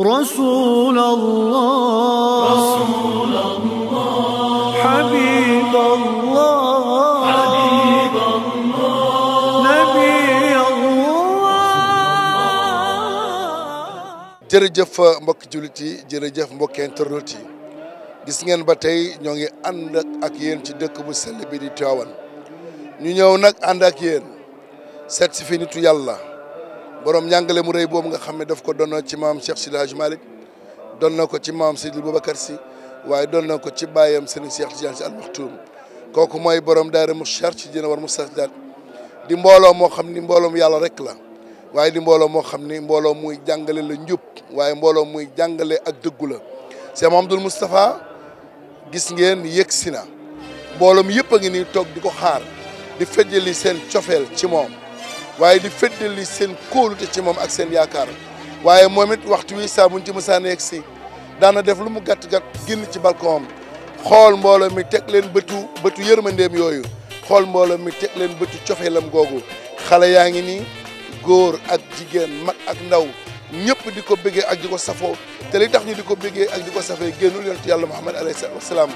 رسول الله رسول الله حبيب الله حبيب الله نبي الله jërëjëf mbokk jullit yi jërëjëf mbokk gis ngeen ba tay ñongi and ak yeen ci dekk bu sel bi di tawan ñu ñew nak and ak yeen set si fi nitu yalla borom njàngale mu réy boobu nga xam ne daf ko doon ci maam Cheikh Sidi Hadj Malick doon na ko ci maam Seydi Boubacar si waaye doon na ko ci bàyyam Serigne Cheikh Tidiane Sy Al Maktoum kooku mooy borom daara mu cher ci dina war mu sax di mbooloo moo xam ni mbooloom yàlla rek la waaye di mbooloo moo xam ni mbooloo muy jàngale la njub waaye mbooloo muy jàngale ak dëggu la Cheikh Mamadou Moustapha gis ngeen yëg si na mbooloom yëpp a ngi nii toog di ko xaar di li seen cofeel ci moom waaye di feddali seen kóolute ci moom ak seen yaakaar waaye moom it waxtu wi saa buñ ci mësaan yegg si daana def lu mu gàtt gàtt génn ci balcon am xool mbooloo mi teg leen bëtu bëtu yërmandeem yooyu xool mbooloo mi teg leen bëtu cofeelam googu xale yaa ngi nii góor ak jigéen mag ak ndaw ñëpp di ko bëggee ak di ko safoo te li tax ñu di ko bëggee ak di ko safee génnul yonent yàlla Muhammad alayhi salaam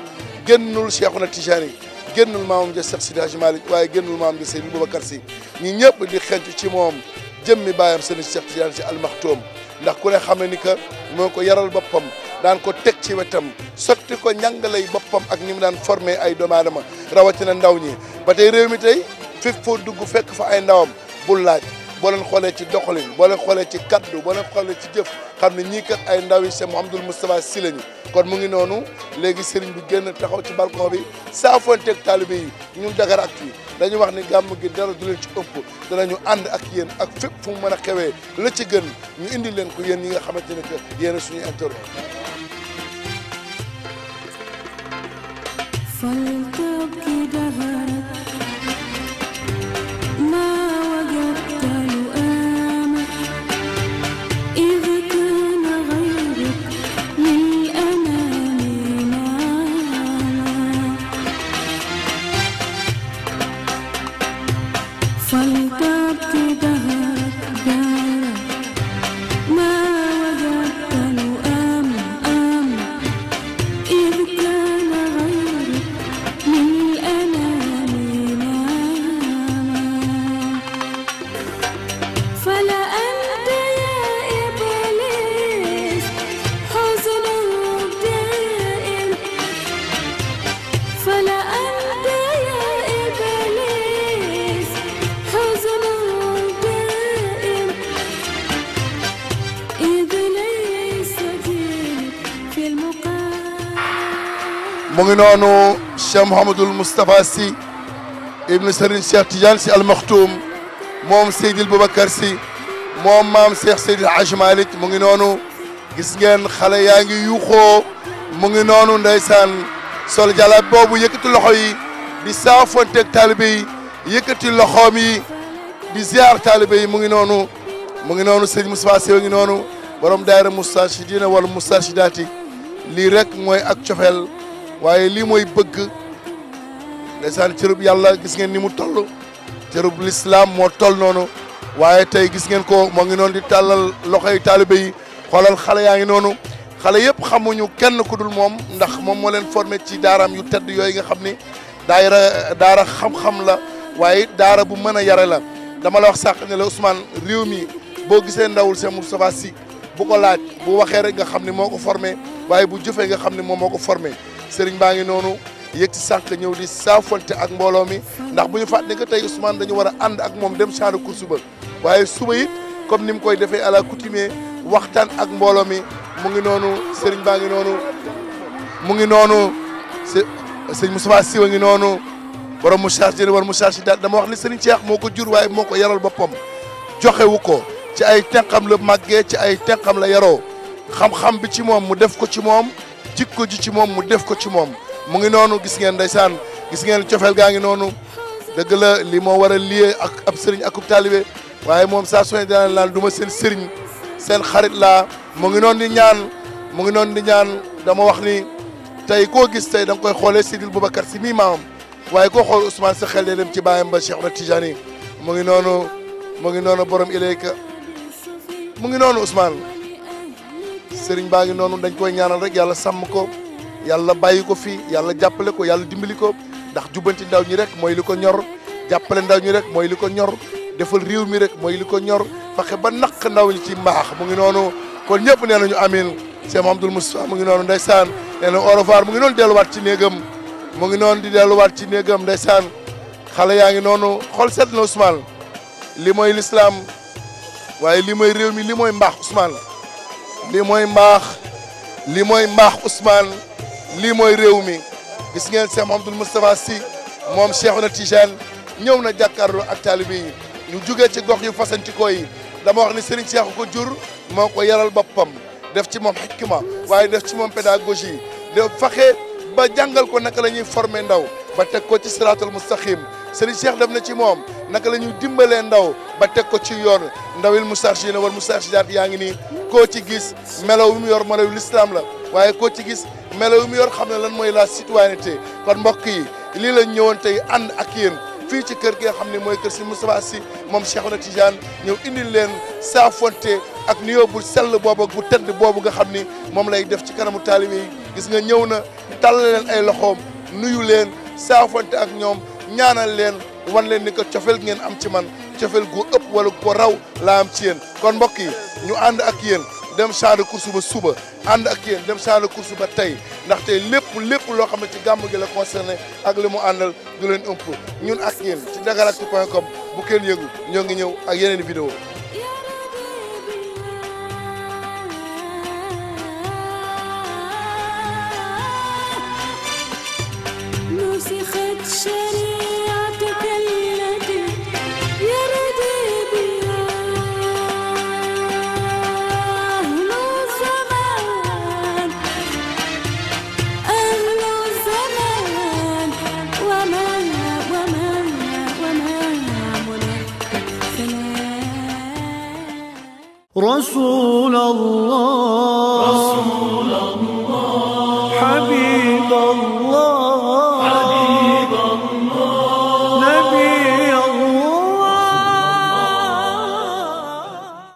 génnul Cheikhuna Tijaani génnul maamam ja Seex Sidi Hajji Malick waaye génnul maamam ja Seydi Boubacar Sy ñu ñëpp di xencu ci moom jëmmi baayam seen Seex Sidi Hajji Almakhtoum ndax ku ne xam ne ni que moo ko yaral boppam daan ko teg ci wetam sotti ko njàngalay boppam ak ñi mu daan formé ay doomu aadama rawatina ndaw ñi ba tey réew mi tey fépp foo dugg fekk fa ay ndawam bul laaj boo leen xoolee ci doxalin boo leen xoolee ci kaddu boo leen xoolee ci jëf xam ne ñii kat ay ndaw yi Cheikh Mouhamadoul Moustapha Sy lañu kon mu ngi noonu léegi sëriñ bi génn taxaw ci balcon bi saafonteeg taalibe yi ñun Dakar ak fii dañu wax ni gàmm gi dara du leen ci ëpp ñu ànd ak yéen ak fépp fu mu mën a xewee la ci gën ñu indi leen ko yéen ñi nga xamante ne que yéen suñu interro mu ngi noonu Cheikh Mouhamadul Moustapha Sy ibnu Serigne Cheikh Tidiane Sy Al Maktoum moom Seydil Boubacar Sy moom maam Cheikh Seydil Hadj Malick mu ngi noonu gis ngeen xale yaa ngi yuuxoo mu ngi noonu ndeysaan sol jalaab boobu yëkkati loxo yi di saafonteeg taalibe yi yëkkati loxoom yi di ziar taalibe yi mu ngi noonu mu ngi noonu Serigne Moustapha Sy mu ngi noonu borom daayira Moustarchidina wala Moustarchidaati lii rek mooy ak cofeel waaye lii mooy bëgg ndeysaan cërub yàlla gis ngeen ni mu toll cërub lislaam moo toll noonu waaye tey gis ngeen ko moo ngi noonu di tàllal loxoy taalibe yi xoolal xale yaa ngi noonu xale yëpp xamuñu kenn ku dul moom ndax moom moo leen formé ci daaraam yu tedd yooyu nga xam ni daayira daara xam-xam la waaye daara bu mën a yare la dama la wax sàq ne la Ousmane réew mi boo gisee ndawul Cheikh Moustapha Sy bu ko laaj bu waxee rek nga xam ne moo ko formé waaye bu jëfee nga xam ne moom moo ko formé sëriñ baa ngi noonu yëg ci sànq ñëw di saafonte ak mbooloo mi ndax bu ñu fàtte ne que tey Ousmane dañu war a ànd ak moom dem champ de course waaye suba it comme ni mu koy defee à la coutume waxtaan ak mbooloo mi mu ngi noonu sëriñ baa ngi noonu mu ngi noonu së sëñ Moustapha Sy wa ngi noonu borom mu chargé war mu chargé daal dama wax ni sëriñ Cheikh moo ko jur waaye moo ko yaral boppam joxewu ko ci ay tenqam la màggee ci ay tenqam la yaroo xam-xam bi ci moom mu def ko ci moom jikko ji ci moom mu def ko ci moom mu ngi noonu gis ngeen day ndeysaan gis ngeen cofeel gaa ngi noonu dëgg la li moo war a lié ak ab sëriñ akub taalibe waaye moom saa su ne daan laal duma seen sëriñ seen xarit laa mu ngi noonu di ñaan mu ngi noonu di ñaan dama wax ni tey koo gis tey da koy xoolee bu Boubacar si mii maamam waaye koo xool Ousmane si xel day dem ci baayam ba Cheikh na Tijani mu ngi noonu mu ngi noonu borom ilayka mu ngi noonu Ousmane serigne baangi nonu dañ koy ñaanal rek yalla sam ko yalla bàyyi ko fii yàlla jàppale ko yalla dimbali ko ndax jubanti ndaw ñi rek moy liko ñor jappale ndaw ñi rek moy liko ñor defal réew mi rek moy liko ñor faxe ba nak ndaw ñi ci mbax mu ngi nonu kon ñepp neenañu amin Cheikh mamadou Moustapha mu ngi nonu ndaysan nee na orofaar mu ngi delu wat ci negam mu ngi noonu di wat ci negam ndaysan xala yaangi nonu xol xool seet na Ousmane li moy l'islam waye li moy réew mi li moy mbax Ousmane lii mooy mbaax lii mooy mbaax Ousmane lii mooy réew mi gis ngeen Cheikh Mouhamadoul Moustapha si moom Cheikhouna Tijane ñëw na jàkkaarloo ak taalibe yi ñu jugee ci gox yu fasantikoo yi dama wax ni Serigne Cheikh ko jur moo ko yaral boppam def ci moom xikma waaye def ci moom pédagogie def faxe ba jàngal ko naka lañuy ñuy former ndaw ba teg ko ci siraatul mustaqim Serigne Cheikh dem na ci moom naka la ñuy dimbalee ndaw ba teg ko ci yoon ndawil war mu Moustarchidaat yaa ngi nii koo ci gis melaw wi mu yor melaw l'islam la waaye koo ci gis melaw wi mu yor xam ne lan mooy la citoyenneté kon mbokk yi lii la ñëwoon tey ànd ak yéen fii ci kër gi nga xam ne mooy kër si Moustapha Sy moom Cheikh na Tidiane ñëw indil leen saa ak nuyoo bu sell boobu bu tedd boobu nga xam ni moom lay def ci kanamu taalibe yi gis nga ñëw na tàll ay loxoom nuyu leen saa ak ñoom ñaanal leen wan leen ni ko cofeel ngeen am ci man cofeel gu ëpp wala ko raw laa am ci yen kon mbokk yi ñu ànd ak yéen dem champ de course ba suba ànd ak yéen dem champ de ba tey ndaxte lépp lépp loo xam ne ci gàmm gi la concerné ak li mu àndal du leen ëmp ñun ak yéen ci dakaractu point com bu kenn yëgu ñoo ngi ñëw ak yeneen vidéo رسول الله رسول الله حبيب الله